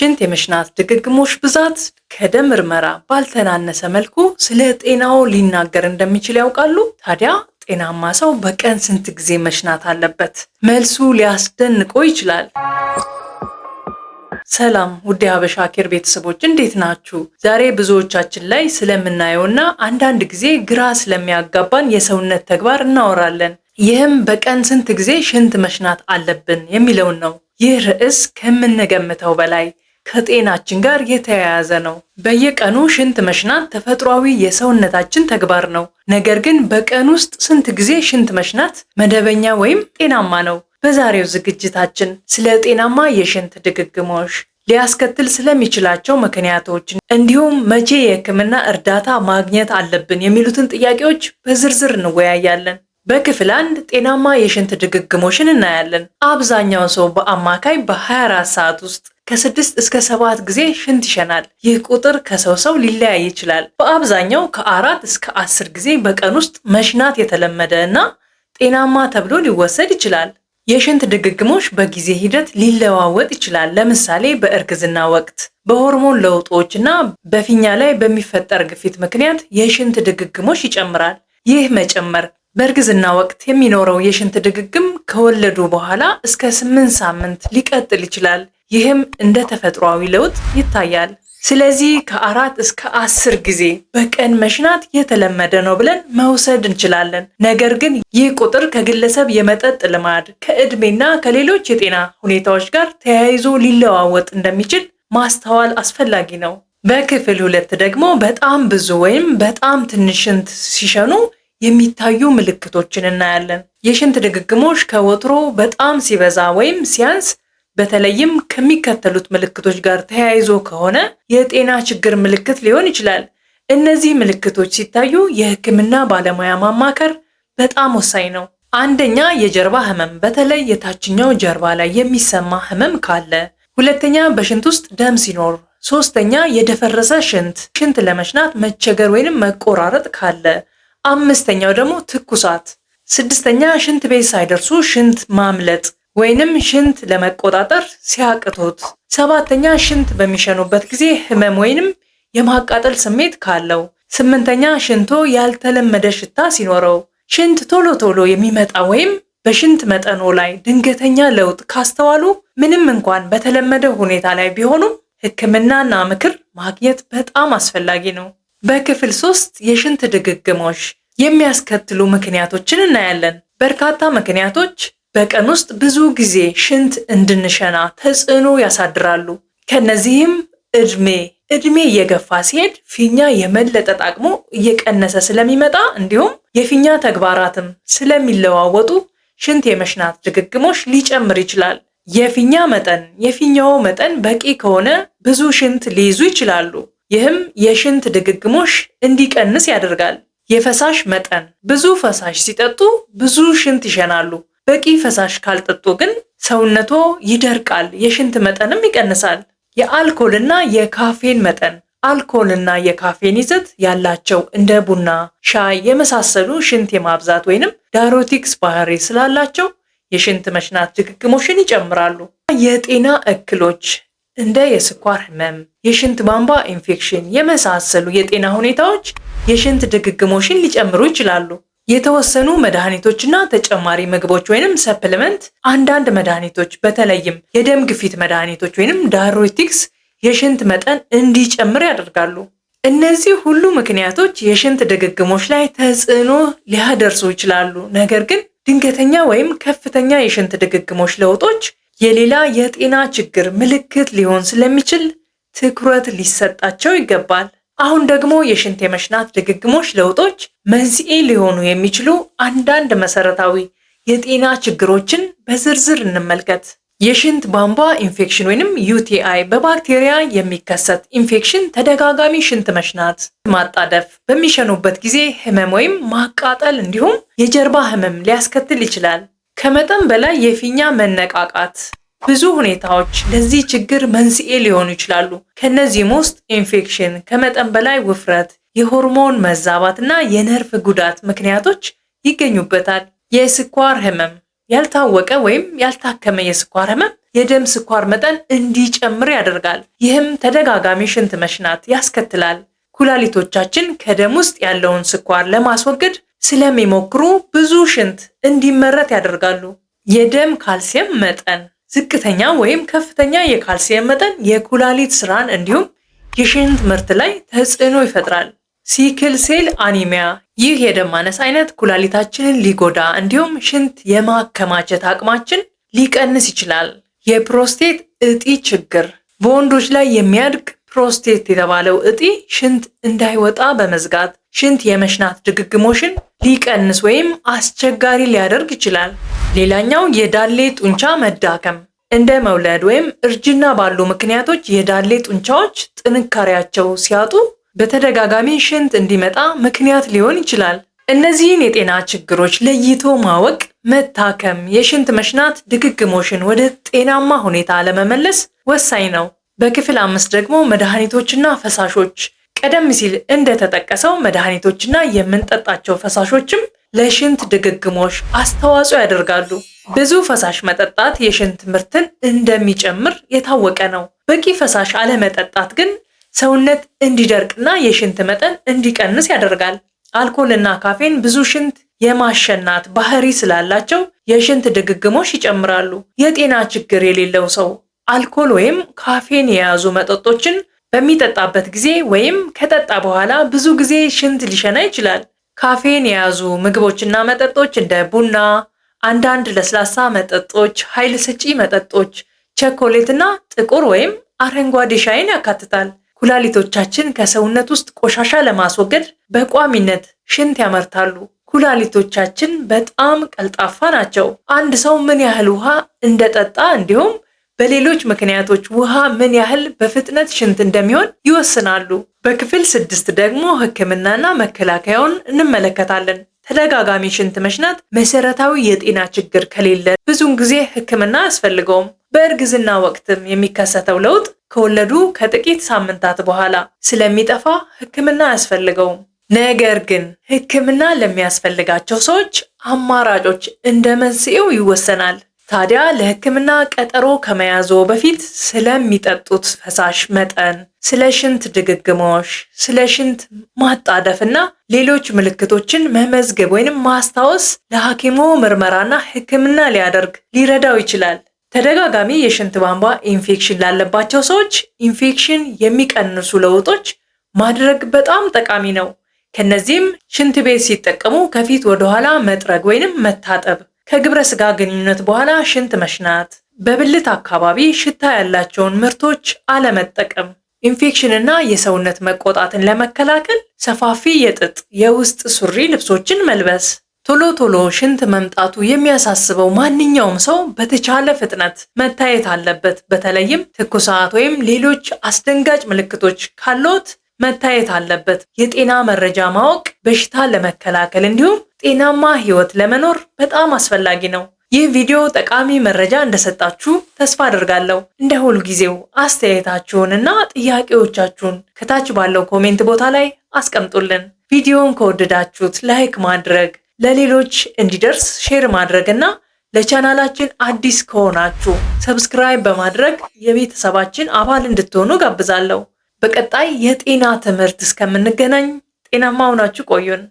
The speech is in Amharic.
ሽንት የመሽናት ድግግሞሽ ብዛት ከደም ምርመራ ባልተናነሰ መልኩ ስለ ጤናው ሊናገር እንደሚችል ያውቃሉ? ታዲያ ጤናማ ሰው በቀን ስንት ጊዜ መሽናት አለበት? መልሱ ሊያስደንቆ ይችላል። ሰላም ውድ የሀበሻ ኬር ቤተሰቦች እንዴት ናችሁ? ዛሬ ብዙዎቻችን ላይ ስለምናየውና አንዳንድ ጊዜ ግራ ስለሚያጋባን የሰውነት ተግባር እናወራለን። ይህም በቀን ስንት ጊዜ ሽንት መሽናት አለብን የሚለውን ነው። ይህ ርዕስ ከምንገምተው በላይ ከጤናችን ጋር የተያያዘ ነው። በየቀኑ ሽንት መሽናት ተፈጥሯዊ የሰውነታችን ተግባር ነው። ነገር ግን በቀን ውስጥ ስንት ጊዜ ሽንት መሽናት መደበኛ ወይም ጤናማ ነው? በዛሬው ዝግጅታችን ስለ ጤናማ የሽንት ድግግሞሽ ሊያስከትል ስለሚችላቸው ምክንያቶች እንዲሁም መቼ የሕክምና እርዳታ ማግኘት አለብን የሚሉትን ጥያቄዎች በዝርዝር እንወያያለን። በክፍል አንድ ጤናማ የሽንት ድግግሞሽን እናያለን። አብዛኛው ሰው በአማካይ በ24 ሰዓት ውስጥ ከስድስት እስከ ሰባት ጊዜ ሽንት ይሸናል። ይህ ቁጥር ከሰው ሰው ሊለያይ ይችላል። በአብዛኛው ከአራት እስከ አስር ጊዜ በቀን ውስጥ መሽናት የተለመደ እና ጤናማ ተብሎ ሊወሰድ ይችላል። የሽንት ድግግሞሽ በጊዜ ሂደት ሊለዋወጥ ይችላል። ለምሳሌ በእርግዝና ወቅት፣ በሆርሞን ለውጦች እና በፊኛ ላይ በሚፈጠር ግፊት ምክንያት የሽንት ድግግሞሽ ይጨምራል። ይህ መጨመር በእርግዝና ወቅት የሚኖረው የሽንት ድግግም ከወለዱ በኋላ እስከ ስምንት ሳምንት ሊቀጥል ይችላል። ይህም እንደ ተፈጥሯዊ ለውጥ ይታያል። ስለዚህ ከአራት እስከ አስር ጊዜ በቀን መሽናት የተለመደ ነው ብለን መውሰድ እንችላለን። ነገር ግን ይህ ቁጥር ከግለሰብ የመጠጥ ልማድ፣ ከእድሜና ከሌሎች የጤና ሁኔታዎች ጋር ተያይዞ ሊለዋወጥ እንደሚችል ማስተዋል አስፈላጊ ነው። በክፍል ሁለት ደግሞ በጣም ብዙ ወይም በጣም ትንሽ ሽንት ሲሸኑ የሚታዩ ምልክቶችን እናያለን። የሽንት ድግግሞሽ ከወትሮ በጣም ሲበዛ ወይም ሲያንስ በተለይም ከሚከተሉት ምልክቶች ጋር ተያይዞ ከሆነ የጤና ችግር ምልክት ሊሆን ይችላል። እነዚህ ምልክቶች ሲታዩ የሕክምና ባለሙያ ማማከር በጣም ወሳኝ ነው። አንደኛ፣ የጀርባ ህመም፣ በተለይ የታችኛው ጀርባ ላይ የሚሰማ ህመም ካለ። ሁለተኛ፣ በሽንት ውስጥ ደም ሲኖር። ሶስተኛ፣ የደፈረሰ ሽንት፣ ሽንት ለመሽናት መቸገር ወይንም መቆራረጥ ካለ። አምስተኛው ደግሞ ትኩሳት። ስድስተኛ፣ ሽንት ቤት ሳይደርሱ ሽንት ማምለጥ ወይንም ሽንት ለመቆጣጠር ሲያቅቶት፣ ሰባተኛ ሽንት በሚሸኑበት ጊዜ ህመም ወይንም የማቃጠል ስሜት ካለው፣ ስምንተኛ ሽንቶ ያልተለመደ ሽታ ሲኖረው፣ ሽንት ቶሎ ቶሎ የሚመጣ ወይም በሽንት መጠኖ ላይ ድንገተኛ ለውጥ ካስተዋሉ፣ ምንም እንኳን በተለመደ ሁኔታ ላይ ቢሆኑም ሕክምናና ምክር ማግኘት በጣም አስፈላጊ ነው። በክፍል ሶስት የሽንት ድግግሞሽ የሚያስከትሉ ምክንያቶችን እናያለን። በርካታ ምክንያቶች በቀን ውስጥ ብዙ ጊዜ ሽንት እንድንሸና ተጽዕኖ ያሳድራሉ። ከነዚህም እድሜ እድሜ እየገፋ ሲሄድ ፊኛ የመለጠጥ አቅሙ እየቀነሰ ስለሚመጣ እንዲሁም የፊኛ ተግባራትም ስለሚለዋወጡ ሽንት የመሽናት ድግግሞሽ ሊጨምር ይችላል። የፊኛ መጠን የፊኛው መጠን በቂ ከሆነ ብዙ ሽንት ሊይዙ ይችላሉ። ይህም የሽንት ድግግሞሽ እንዲቀንስ ያደርጋል። የፈሳሽ መጠን ብዙ ፈሳሽ ሲጠጡ ብዙ ሽንት ይሸናሉ። በቂ ፈሳሽ ካልጠጡ ግን ሰውነቶ ይደርቃል፣ የሽንት መጠንም ይቀንሳል። የአልኮልና የካፌን መጠን አልኮልና የካፌን ይዘት ያላቸው እንደ ቡና፣ ሻይ የመሳሰሉ ሽንት የማብዛት ወይንም ዳይሮቲክስ ባህሪ ስላላቸው የሽንት መሽናት ድግግሞሽን ይጨምራሉ። የጤና እክሎች እንደ የስኳር ህመም፣ የሽንት ቧንቧ ኢንፌክሽን የመሳሰሉ የጤና ሁኔታዎች የሽንት ድግግሞሽን ሊጨምሩ ይችላሉ። የተወሰኑ መድኃኒቶችና ተጨማሪ ምግቦች ወይንም ሰፕልመንት አንዳንድ መድኃኒቶች በተለይም የደም ግፊት መድኃኒቶች ወይንም ዳይሬቲክስ የሽንት መጠን እንዲጨምር ያደርጋሉ። እነዚህ ሁሉ ምክንያቶች የሽንት ድግግሞች ላይ ተጽዕኖ ሊያደርሱ ይችላሉ። ነገር ግን ድንገተኛ ወይም ከፍተኛ የሽንት ድግግሞች ለውጦች የሌላ የጤና ችግር ምልክት ሊሆን ስለሚችል ትኩረት ሊሰጣቸው ይገባል። አሁን ደግሞ የሽንት የመሽናት ድግግሞች ለውጦች መንስኤ ሊሆኑ የሚችሉ አንዳንድ መሰረታዊ የጤና ችግሮችን በዝርዝር እንመልከት። የሽንት ቧንቧ ኢንፌክሽን ወይንም ዩቲአይ በባክቴሪያ የሚከሰት ኢንፌክሽን፣ ተደጋጋሚ ሽንት መሽናት፣ ማጣደፍ፣ በሚሸኑበት ጊዜ ህመም ወይም ማቃጠል እንዲሁም የጀርባ ህመም ሊያስከትል ይችላል። ከመጠን በላይ የፊኛ መነቃቃት ብዙ ሁኔታዎች ለዚህ ችግር መንስኤ ሊሆኑ ይችላሉ። ከእነዚህም ውስጥ ኢንፌክሽን፣ ከመጠን በላይ ውፍረት፣ የሆርሞን መዛባት እና የነርቭ ጉዳት ምክንያቶች ይገኙበታል። የስኳር ህመም፣ ያልታወቀ ወይም ያልታከመ የስኳር ህመም የደም ስኳር መጠን እንዲጨምር ያደርጋል። ይህም ተደጋጋሚ ሽንት መሽናት ያስከትላል። ኩላሊቶቻችን ከደም ውስጥ ያለውን ስኳር ለማስወገድ ስለሚሞክሩ ብዙ ሽንት እንዲመረት ያደርጋሉ። የደም ካልሲየም መጠን ዝቅተኛ ወይም ከፍተኛ የካልሲየም መጠን የኩላሊት ስራን እንዲሁም የሽንት ምርት ላይ ተጽዕኖ ይፈጥራል። ሲክል ሴል አኒሚያ፣ ይህ የደም ማነስ አይነት ኩላሊታችንን ሊጎዳ እንዲሁም ሽንት የማከማቸት አቅማችን ሊቀንስ ይችላል። የፕሮስቴት እጢ ችግር፣ በወንዶች ላይ የሚያድግ ፕሮስቴት የተባለው እጢ ሽንት እንዳይወጣ በመዝጋት ሽንት የመሽናት ድግግሞሽን ሊቀንስ ወይም አስቸጋሪ ሊያደርግ ይችላል። ሌላኛው የዳሌ ጡንቻ መዳከም እንደ መውለድ ወይም እርጅና ባሉ ምክንያቶች የዳሌ ጡንቻዎች ጥንካሬያቸው ሲያጡ በተደጋጋሚ ሽንት እንዲመጣ ምክንያት ሊሆን ይችላል። እነዚህን የጤና ችግሮች ለይቶ ማወቅ፣ መታከም የሽንት መሽናት ድግግሞሽን ወደ ጤናማ ሁኔታ ለመመለስ ወሳኝ ነው። በክፍል አምስት ደግሞ መድኃኒቶችና ፈሳሾች ቀደም ሲል እንደተጠቀሰው መድኃኒቶችና የምንጠጣቸው ፈሳሾችም ለሽንት ድግግሞሽ አስተዋጽኦ ያደርጋሉ። ብዙ ፈሳሽ መጠጣት የሽንት ምርትን እንደሚጨምር የታወቀ ነው። በቂ ፈሳሽ አለመጠጣት ግን ሰውነት እንዲደርቅና የሽንት መጠን እንዲቀንስ ያደርጋል። አልኮልና ካፌን ብዙ ሽንት የማሸናት ባህሪ ስላላቸው የሽንት ድግግሞሽ ይጨምራሉ። የጤና ችግር የሌለው ሰው አልኮል ወይም ካፌን የያዙ መጠጦችን በሚጠጣበት ጊዜ ወይም ከጠጣ በኋላ ብዙ ጊዜ ሽንት ሊሸና ይችላል። ካፌን የያዙ ምግቦችና መጠጦች እንደ ቡና፣ አንዳንድ ለስላሳ መጠጦች፣ ኃይል ሰጪ መጠጦች፣ ቸኮሌትና ጥቁር ወይም አረንጓዴ ሻይን ያካትታል። ኩላሊቶቻችን ከሰውነት ውስጥ ቆሻሻ ለማስወገድ በቋሚነት ሽንት ያመርታሉ። ኩላሊቶቻችን በጣም ቀልጣፋ ናቸው። አንድ ሰው ምን ያህል ውሃ እንደጠጣ እንዲሁም በሌሎች ምክንያቶች ውሃ ምን ያህል በፍጥነት ሽንት እንደሚሆን ይወስናሉ። በክፍል ስድስት ደግሞ ህክምናና መከላከያውን እንመለከታለን። ተደጋጋሚ ሽንት መሽናት መሰረታዊ የጤና ችግር ከሌለ ብዙውን ጊዜ ህክምና አያስፈልገውም። በእርግዝና ወቅትም የሚከሰተው ለውጥ ከወለዱ ከጥቂት ሳምንታት በኋላ ስለሚጠፋ ህክምና አያስፈልገውም። ነገር ግን ህክምና ለሚያስፈልጋቸው ሰዎች አማራጮች እንደ መንስኤው ይወሰናል። ታዲያ ለሕክምና ቀጠሮ ከመያዞ በፊት ስለሚጠጡት ፈሳሽ መጠን፣ ስለ ሽንት ድግግሞሽ፣ ስለ ሽንት ማጣደፍና ሌሎች ምልክቶችን መመዝገብ ወይንም ማስታወስ ለሐኪሙ ምርመራና ሕክምና ሊያደርግ ሊረዳው ይችላል። ተደጋጋሚ የሽንት ቧንቧ ኢንፌክሽን ላለባቸው ሰዎች ኢንፌክሽን የሚቀንሱ ለውጦች ማድረግ በጣም ጠቃሚ ነው። ከነዚህም ሽንት ቤት ሲጠቀሙ ከፊት ወደኋላ መጥረግ ወይንም መታጠብ ከግብረ ስጋ ግንኙነት በኋላ ሽንት መሽናት፣ በብልት አካባቢ ሽታ ያላቸውን ምርቶች አለመጠቀም፣ ኢንፌክሽንና የሰውነት መቆጣትን ለመከላከል ሰፋፊ የጥጥ የውስጥ ሱሪ ልብሶችን መልበስ። ቶሎ ቶሎ ሽንት መምጣቱ የሚያሳስበው ማንኛውም ሰው በተቻለ ፍጥነት መታየት አለበት። በተለይም ትኩሳት ወይም ሌሎች አስደንጋጭ ምልክቶች ካሎት መታየት አለበት። የጤና መረጃ ማወቅ በሽታ ለመከላከል እንዲሁም ጤናማ ህይወት ለመኖር በጣም አስፈላጊ ነው። ይህ ቪዲዮ ጠቃሚ መረጃ እንደሰጣችሁ ተስፋ አድርጋለሁ። እንደ ሁል ጊዜው አስተያየታችሁንና ጥያቄዎቻችሁን ከታች ባለው ኮሜንት ቦታ ላይ አስቀምጡልን። ቪዲዮውን ከወደዳችሁት ላይክ ማድረግ፣ ለሌሎች እንዲደርስ ሼር ማድረግ እና ለቻናላችን አዲስ ከሆናችሁ ሰብስክራይብ በማድረግ የቤተሰባችን አባል እንድትሆኑ ጋብዛለሁ። በቀጣይ የጤና ትምህርት እስከምንገናኝ ጤናማ ሆናችሁ ቆዩን።